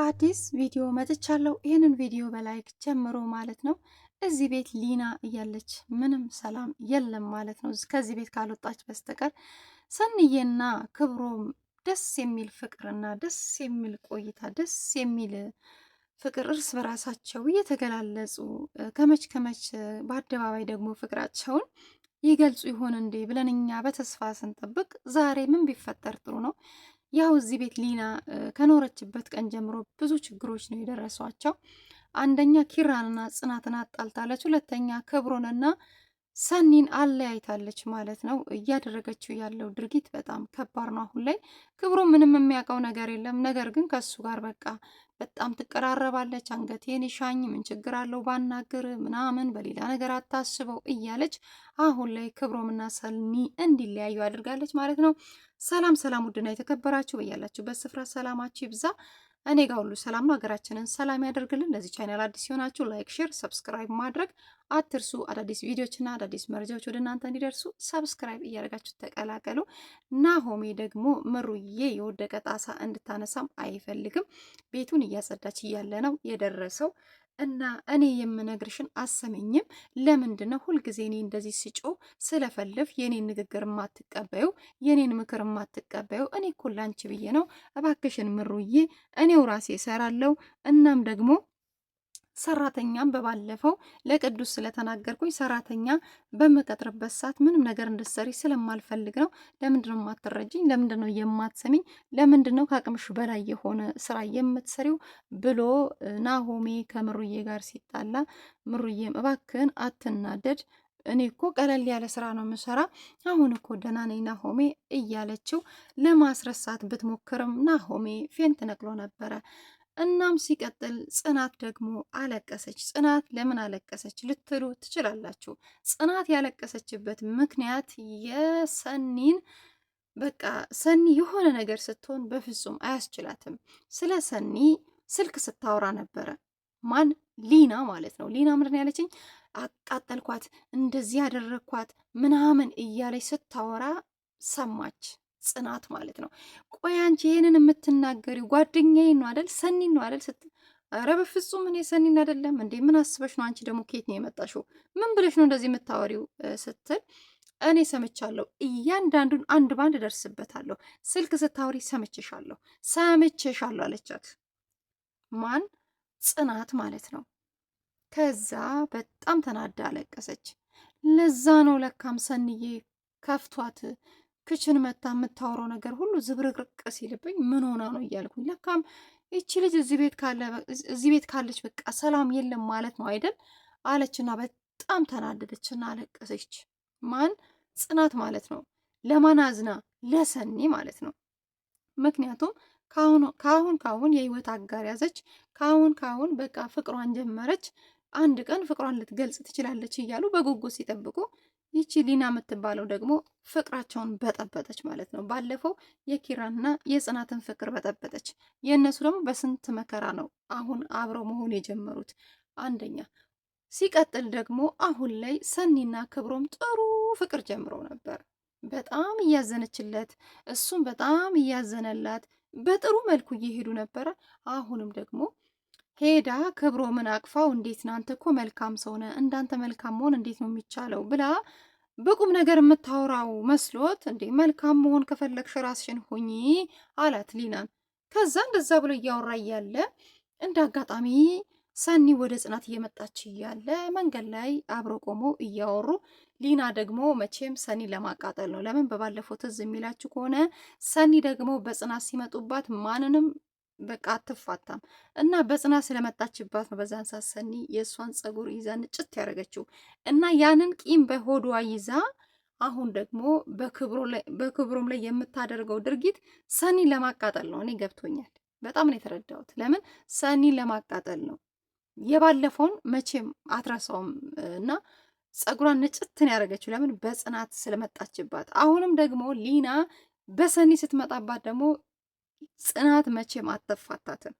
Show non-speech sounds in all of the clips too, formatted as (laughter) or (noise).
በአዲስ ቪዲዮ መጥቻለሁ። ይህንን ቪዲዮ በላይክ ጀምሮ ማለት ነው። እዚህ ቤት ሊና እያለች ምንም ሰላም የለም ማለት ነው፣ ከዚህ ቤት ካልወጣች በስተቀር ሰንዬና ክብሮም ደስ የሚል ፍቅርና ደስ የሚል ቆይታ ደስ የሚል ፍቅር እርስ በራሳቸው እየተገላለጹ ከመች ከመች በአደባባይ ደግሞ ፍቅራቸውን ይገልጹ ይሆን እንዴ ብለን እኛ በተስፋ ስንጠብቅ ዛሬ ምን ቢፈጠር ጥሩ ነው? ያው እዚህ ቤት ሊና ከኖረችበት ቀን ጀምሮ ብዙ ችግሮች ነው የደረሷቸው። አንደኛ ኪራንና ጽናትን አጣልታለች። ሁለተኛ ክብሮንና ሰኒን አለያይታለች ማለት ነው። እያደረገችው ያለው ድርጊት በጣም ከባድ ነው። አሁን ላይ ክብሩ ምንም የሚያውቀው ነገር የለም። ነገር ግን ከሱ ጋር በቃ በጣም ትቀራረባለች። አንገቴን ይሻኝ ምን ችግር አለው ባናግር ምናምን፣ በሌላ ነገር አታስበው እያለች አሁን ላይ ክብሮምና ሰኒ እንዲለያዩ አድርጋለች ማለት ነው። ሰላም ሰላም! ውድና የተከበራችሁ በያላችሁበት ስፍራ ሰላማችሁ ይብዛ። እኔ ጋር ሁሉ ሰላም ነው። ሀገራችንን ሰላም ያደርግልን። ለዚህ ቻናል አዲስ ሲሆናችሁ ላይክ፣ ሼር፣ ሰብስክራይብ ማድረግ አትርሱ። አዳዲስ ቪዲዮዎችና አዳዲስ መረጃዎች ወደ እናንተ እንዲደርሱ ሰብስክራይብ እያደረጋችሁ ተቀላቀሉ። ናሆሜ ደግሞ ምሩዬ የወደቀ ጣሳ እንድታነሳም አይፈልግም። ቤቱን እያጸዳች እያለ ነው የደረሰው። እና እኔ የምነግርሽን አሰመኝም። ለምንድን ነው ሁልጊዜ እኔ እንደዚህ ስጮ ስለፈልፍ የኔን ንግግር ማትቀበዩ የኔን ምክር ማትቀበዩ? እኔ እኮ ላንቺ ብዬ ነው። እባክሽን ምሩዬ፣ እኔው ራሴ እሰራለሁ። እናም ደግሞ ሰራተኛም በባለፈው ለቅዱስ ስለተናገርኩኝ ሰራተኛ በምቀጥርበት ሰዓት ምንም ነገር እንድትሰሪ ስለማልፈልግ ነው። ለምንድነው የማትረጅኝ? ለምንድነው የማትሰሚኝ? ለምንድነው ከአቅምሽ በላይ የሆነ ስራ የምትሰሪው? ብሎ ናሆሜ ከምሩዬ ጋር ሲጣላ ምሩዬም እባክህን አትናደድ እኔ እኮ ቀለል ያለ ስራ ነው የምሰራ። አሁን እኮ ደህና ነኝ ናሆሜ እያለችው ለማስረሳት ብትሞክርም ናሆሜ ፌንት ነቅሎ ነበረ። እናም ሲቀጥል ጽናት ደግሞ አለቀሰች። ጽናት ለምን አለቀሰች ልትሉ ትችላላችሁ። ጽናት ያለቀሰችበት ምክንያት የሰኒን በቃ ሰኒ የሆነ ነገር ስትሆን በፍጹም አያስችላትም። ስለ ሰኒ ስልክ ስታወራ ነበረ። ማን ሊና ማለት ነው። ሊና ምንድን ያለችኝ አቃጠልኳት፣ እንደዚህ ያደረግኳት ምናምን እያለች ስታወራ ሰማች ጽናት ማለት ነው። ቆይ አንቺ ይህንን የምትናገሪው ጓደኛዬን ነው አደል ሰኒን ነው አደል ስት ኧረ በፍጹም እኔ ሰኒን አይደለም እንዴ ምን አስበሽ ነው አንቺ ደግሞ ከየት ነው የመጣሽው ምን ብለሽ ነው እንደዚህ የምታወሪው ስትል እኔ ሰምቻለሁ እያንዳንዱን አንድ ባንድ ደርስበታለሁ ስልክ ስታወሪ ሰምቼሻለሁ ሰምቼሻለሁ አለቻት ማን ጽናት ማለት ነው ከዛ በጣም ተናዳ አለቀሰች ለዛ ነው ለካም ሰንዬ ከፍቷት ክችን መታ የምታወራው ነገር ሁሉ ዝብርቅርቅ ሲልብኝ ምን ሆና ነው እያልኩኝ ለካም ይቺ ልጅ እዚህ ቤት ካለች በቃ ሰላም የለም ማለት ነው አይደል? አለችና በጣም ተናደደችና አለቀሰች። ማን ጽናት ማለት ነው። ለማን አዝና? ለሰኒ ማለት ነው። ምክንያቱም ከአሁን ካሁን የህይወት አጋር ያዘች፣ ከአሁን ካሁን በቃ ፍቅሯን ጀመረች። አንድ ቀን ፍቅሯን ልትገልጽ ትችላለች እያሉ በጉጉት ሲጠብቁ ይቺ ሊና የምትባለው ደግሞ ፍቅራቸውን በጠበጠች ማለት ነው። ባለፈው የኪራና የጽናትን ፍቅር በጠበጠች። የእነሱ ደግሞ በስንት መከራ ነው አሁን አብረው መሆን የጀመሩት አንደኛ። ሲቀጥል ደግሞ አሁን ላይ ሰኒና ክብሮም ጥሩ ፍቅር ጀምሮ ነበር። በጣም እያዘነችለት፣ እሱም በጣም እያዘነላት፣ በጥሩ መልኩ እየሄዱ ነበረ። አሁንም ደግሞ ሄዳ ክብሮምን አቅፋው እንዴት ነው አንተ እኮ መልካም ሰው ነህ፣ እንዳንተ መልካም መሆን እንዴት ነው የሚቻለው ብላ በቁም ነገር የምታወራው መስሎት እንዴ መልካም መሆን ከፈለግሽ ራስሽን ሁኚ አላት ሊናን። ከዛ እንደዛ ብሎ እያወራ እያለ እንደ አጋጣሚ ሰኒ ወደ ጽናት እየመጣች እያለ መንገድ ላይ አብረው ቆሞ እያወሩ ሊና ደግሞ መቼም ሰኒ ለማቃጠል ነው። ለምን በባለፈው ትዝ የሚላችሁ ከሆነ ሰኒ ደግሞ በጽናት ሲመጡባት ማንንም በቃ አትፋታም እና በጽናት ስለመጣችባት ነው። በዛን ሰዓት ሰኒ የእሷን ጸጉር ይዛ ንጭት ያደረገችው እና ያንን ቂም በሆዷ ይዛ አሁን ደግሞ በክብሮም ላይ የምታደርገው ድርጊት ሰኒ ለማቃጠል ነው። እኔ ገብቶኛል። በጣም ነው የተረዳሁት። ለምን ሰኒ ለማቃጠል ነው። የባለፈውን መቼም አትረሳውም እና ጸጉሯን ንጭትን ያደረገችው ለምን በጽናት ስለመጣችባት። አሁንም ደግሞ ሊና በሰኒ ስትመጣባት ደግሞ ጽናት መቼም አተፋታትም።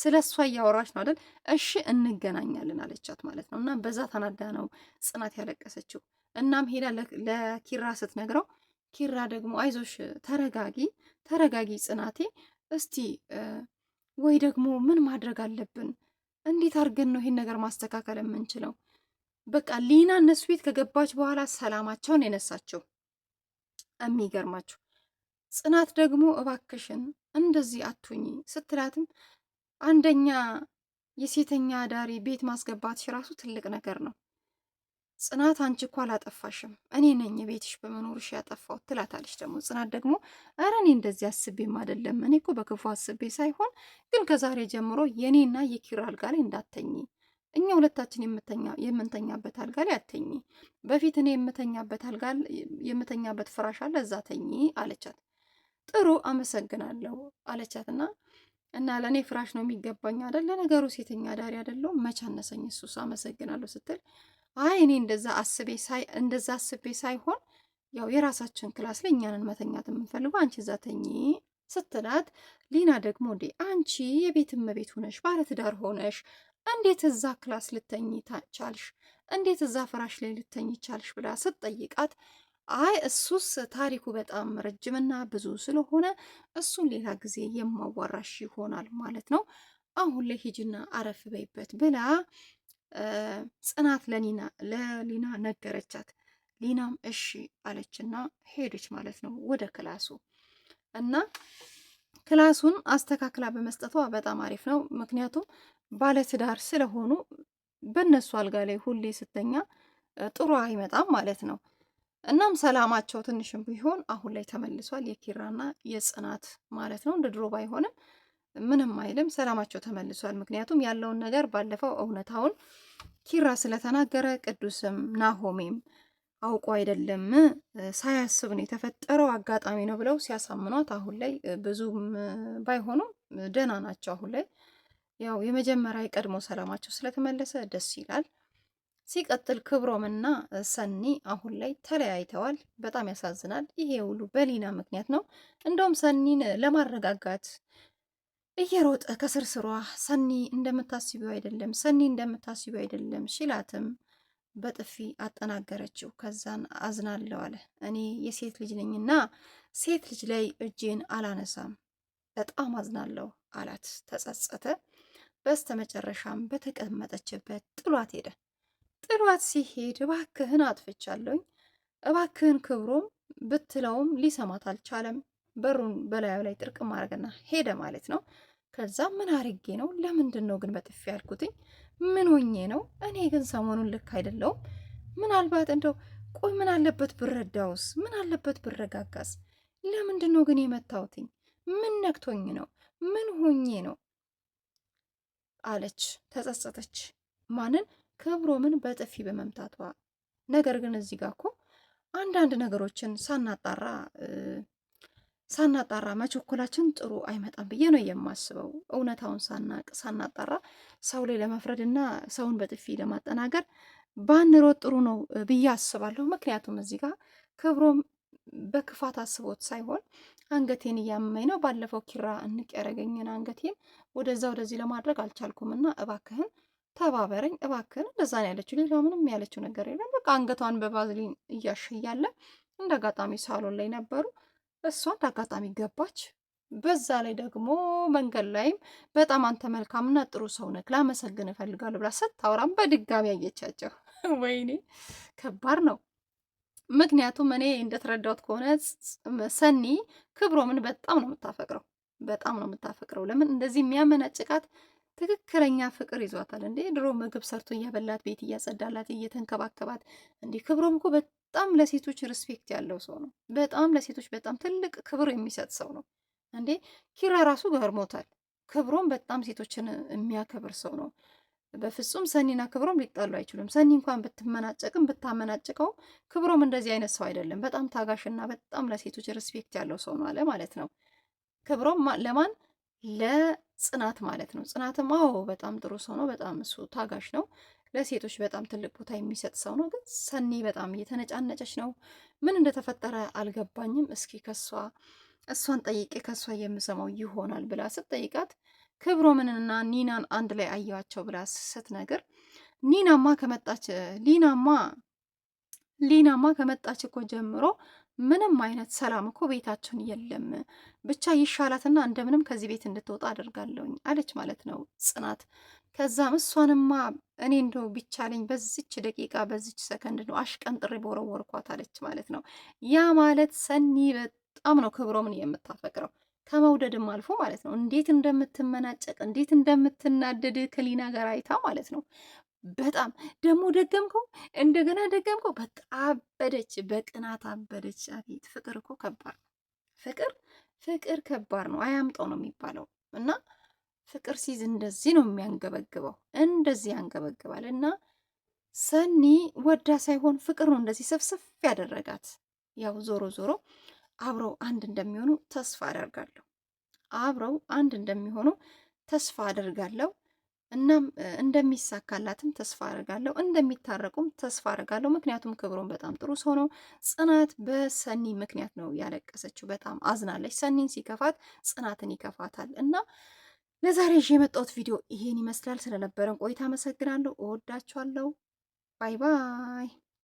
ስለ እሷ እያወራች ነው አይደል? እሺ እንገናኛለን አለቻት ማለት ነው። እና በዛ ተናዳ ነው ጽናት ያለቀሰችው። እናም ሄዳ ለኪራ ስትነግረው ኪራ ደግሞ አይዞሽ፣ ተረጋጊ፣ ተረጋጊ ጽናቴ፣ እስቲ ወይ ደግሞ ምን ማድረግ አለብን? እንዴት አድርገን ነው ይሄን ነገር ማስተካከል የምንችለው? በቃ ሊና እነሱ ቤት ከገባች በኋላ ሰላማቸውን የነሳቸው የሚገርማችሁ ጽናት ደግሞ እባክሽን እንደዚህ አትሁኚ ስትላትም አንደኛ የሴተኛ አዳሪ ቤት ማስገባትሽ ራሱ ትልቅ ነገር ነው። ጽናት አንቺ እኮ አላጠፋሽም፣ እኔ ነኝ ቤትሽ በመኖርሽ ያጠፋው ትላታለች። ደግሞ ጽናት ደግሞ ኧረ እኔ እንደዚህ አስቤም አይደለም፣ እኔ እኮ በክፉ አስቤ ሳይሆን ግን ከዛሬ ጀምሮ የእኔና የኪራ አልጋ ላይ እንዳተኝ እኛ ሁለታችን የምንተኛበት አልጋ ላይ አተኝ፣ በፊት እኔ የምተኛበት አልጋ የምተኛበት ፍራሽ አለ እዛ ተኝ አለቻት። ጥሩ አመሰግናለሁ አለቻትና እና ለእኔ ፍራሽ ነው የሚገባኝ አይደል? ለነገሩ ሴተኛ ዳሪ አይደለሁም መች አነሰኝ እሱስ አመሰግናለሁ ስትል አይ እኔ እንደዛ አስቤ ሳይ እንደዛ አስቤ ሳይሆን ያው የራሳችን ክላስ ላይ እኛንን መተኛት የምንፈልገው አንቺ እዛ ተኚ ስትላት፣ ሊና ደግሞ እንዴ አንቺ የቤት እመቤት ሆነሽ ባለትዳር ሆነሽ እንዴት እዛ ክላስ ልተኝ ቻልሽ? እንዴት እዛ ፍራሽ ላይ ልተኝ ቻልሽ? ብላ ስትጠይቃት አይ እሱስ ታሪኩ በጣም ረጅምና ብዙ ስለሆነ እሱን ሌላ ጊዜ የማዋራሽ ይሆናል ማለት ነው። አሁን ላይ አረፍ በይበት ብላ ጽናት ለኒና ለሊና ነገረቻት። ሊናም እሺ አለችና ሄደች ማለት ነው ወደ ክላሱ እና ክላሱን አስተካክላ በመስጠቷ በጣም አሪፍ ነው። ምክንያቱም ባለትዳር ስለሆኑ በእነሱ አልጋ ላይ ሁሌ ስተኛ ጥሩ አይመጣም ማለት ነው። እናም ሰላማቸው ትንሽም ቢሆን አሁን ላይ ተመልሷል። የኪራና የጽናት ማለት ነው። እንደ ድሮ ባይሆንም ምንም አይልም፣ ሰላማቸው ተመልሷል። ምክንያቱም ያለውን ነገር ባለፈው እውነታውን ኪራ ስለተናገረ ቅዱስም ናሆሜም አውቆ አይደለም ሳያስብ ነው የተፈጠረው አጋጣሚ ነው ብለው ሲያሳምኗት አሁን ላይ ብዙም ባይሆኑም ደህና ናቸው። አሁን ላይ ያው የመጀመሪያ የቀድሞ ሰላማቸው ስለተመለሰ ደስ ይላል። ሲቀጥል ክብሮምና ሰኒ አሁን ላይ ተለያይተዋል። በጣም ያሳዝናል። ይሄ ሁሉ በሊና ምክንያት ነው። እንደውም ሰኒን ለማረጋጋት እየሮጠ ከስርስሯ ሰኒ እንደምታስቢው አይደለም፣ ሰኒ እንደምታስቢው አይደለም ሲላትም በጥፊ አጠናገረችው። ከዛን አዝናለው አለ። እኔ የሴት ልጅ ነኝና ሴት ልጅ ላይ እጄን አላነሳም፣ በጣም አዝናለው አላት። ተጸጸተ። በስተመጨረሻም በተቀመጠችበት ጥሏት ሄደ። ጥሏት ሲሄድ እባክህን አጥፍቻለሁኝ፣ እባክህን ክብሮም ብትለውም ሊሰማት አልቻለም። በሩን በላዩ ላይ ጥርቅ ማድረግና ሄደ ማለት ነው። ከዛ ምን አርጌ ነው? ለምንድን ነው ግን በጥፊ ያልኩትኝ? ምን ሆኜ ነው? እኔ ግን ሰሞኑን ልክ አይደለውም። ምናልባት እንደው ቆይ ምን አለበት ብረዳውስ? ምን አለበት ብረጋጋስ? ለምንድን ነው ግን የመታውትኝ? ምን ነክቶኝ ነው? ምን ሆኜ ነው አለች። ተጸጸተች። ማንን? ክብሮምን በጥፊ በመምታቷ ነገር ግን እዚህ ጋር እኮ አንዳንድ ነገሮችን ሳናጣራ ሳናጣራ መቸኮላችን ጥሩ አይመጣም ብዬ ነው የማስበው። እውነታውን ሳናቅ ሳናጣራ ሰው ላይ ለመፍረድ እና ሰውን በጥፊ ለማጠናገር ባንሮጥ ጥሩ ነው ብዬ አስባለሁ። ምክንያቱም እዚህ ጋር ክብሮም በክፋት አስቦት ሳይሆን አንገቴን እያመመኝ ነው፣ ባለፈው ኪራ እንቅ ያደረገኝን አንገቴን ወደዛ ወደዚህ ለማድረግ አልቻልኩም እና እባክህን ተባበረኝ እባክህን እንደዛ ነው ያለችው። ሌላ ምንም ያለችው ነገር የለም። በቃ አንገቷን በቫዝሊን እያሸያለ እንደ አጋጣሚ ሳሎን ላይ ነበሩ። እሷ እንደ አጋጣሚ ገባች። በዛ ላይ ደግሞ መንገድ ላይም በጣም አንተ መልካምና ጥሩ ሰው ነህ፣ ላመሰግን እፈልጋለሁ ብላ ስታወራም በድጋሚ አየቻቸው። (laughs) ወይኔ ከባድ ነው። ምክንያቱም እኔ እንደተረዳሁት ከሆነ ሰኒ ክብሮምን በጣም ነው የምታፈቅረው፣ በጣም ነው የምታፈቅረው። ለምን እንደዚህ የሚያመነጭቃት ትክክለኛ ፍቅር ይዟታል እንዴ! ድሮ ምግብ ሰርቶ እያበላት ቤት እያጸዳላት እየተንከባከባት፣ እንዲህ ክብሮም እኮ በጣም ለሴቶች ሪስፔክት ያለው ሰው ነው። በጣም ለሴቶች በጣም ትልቅ ክብር የሚሰጥ ሰው ነው እንዴ! ኪራ ራሱ ገርሞታል። ክብሮም በጣም ሴቶችን የሚያከብር ሰው ነው። በፍጹም ሰኒና ክብሮም ሊጣሉ አይችሉም። ሰኒ እንኳን ብትመናጨቅም ብታመናጭቀው ክብሮም እንደዚህ አይነት ሰው አይደለም። በጣም ታጋሽና በጣም ለሴቶች ሪስፔክት ያለው ሰው ነው አለ ማለት ነው። ክብሮም ለማን ለጽናት ማለት ነው። ጽናትም አዎ በጣም ጥሩ ሰው ነው። በጣም እሱ ታጋሽ ነው። ለሴቶች በጣም ትልቅ ቦታ የሚሰጥ ሰው ነው። ግን ሰኒ በጣም እየተነጫነጨች ነው። ምን እንደተፈጠረ አልገባኝም። እስኪ ከሷ እሷን ጠይቄ ከሷ የምሰማው ይሆናል ብላ ስትጠይቃት ምንና ኒናን አንድ ላይ አየዋቸው ብላ ስትነግር ኒናማ ከመጣች ሊናማ ሊናማ ከመጣች እኮ ጀምሮ ምንም አይነት ሰላም እኮ ቤታችን የለም። ብቻ ይሻላትና እንደምንም ከዚህ ቤት እንድትወጣ አደርጋለሁኝ አለች ማለት ነው ጽናት። ከዛም እሷንማ እኔ እንደው ቢቻለኝ በዚች ደቂቃ በዚች ሰከንድ ነው አሽቀንጥሬ በወረወርኳት አለች ማለት ነው። ያ ማለት ሰኒ በጣም ነው ክብሮምን የምታፈቅረው ከመውደድም አልፎ ማለት ነው። እንዴት እንደምትመናጨቅ እንዴት እንደምትናደድ ከሊና ጋር አይታ ማለት ነው። በጣም ደግሞ ደገምከው፣ እንደገና ደገምከው። በቃ አበደች፣ በቅናት አበደች። አቤት ፍቅር እኮ ከባድ ነው። ፍቅር ፍቅር ከባድ ነው። አያምጠው ነው የሚባለው እና ፍቅር ሲዝ እንደዚህ ነው የሚያንገበግበው፣ እንደዚህ ያንገበግባል። እና ሰኒ ወዳ ሳይሆን ፍቅር ነው እንደዚህ ሰብሰብ ያደረጋት። ያው ዞሮ ዞሮ አብረው አንድ እንደሚሆኑ ተስፋ አደርጋለሁ። አብረው አንድ እንደሚሆኑ ተስፋ አደርጋለሁ። እናም እንደሚሳካላትም ተስፋ አረጋለሁ፣ እንደሚታረቁም ተስፋ አረጋለሁ። ምክንያቱም ክብሮም በጣም ጥሩ ሰው ነው። ጽናት በሰኒ ምክንያት ነው ያለቀሰችው፣ በጣም አዝናለች። ሰኒን ሲከፋት ጽናትን ይከፋታል። እና ለዛሬ ይዤ የመጣሁት ቪዲዮ ይሄን ይመስላል። ስለነበረን ቆይታ አመሰግናለሁ። እወዳችኋለሁ። ባይ ባይ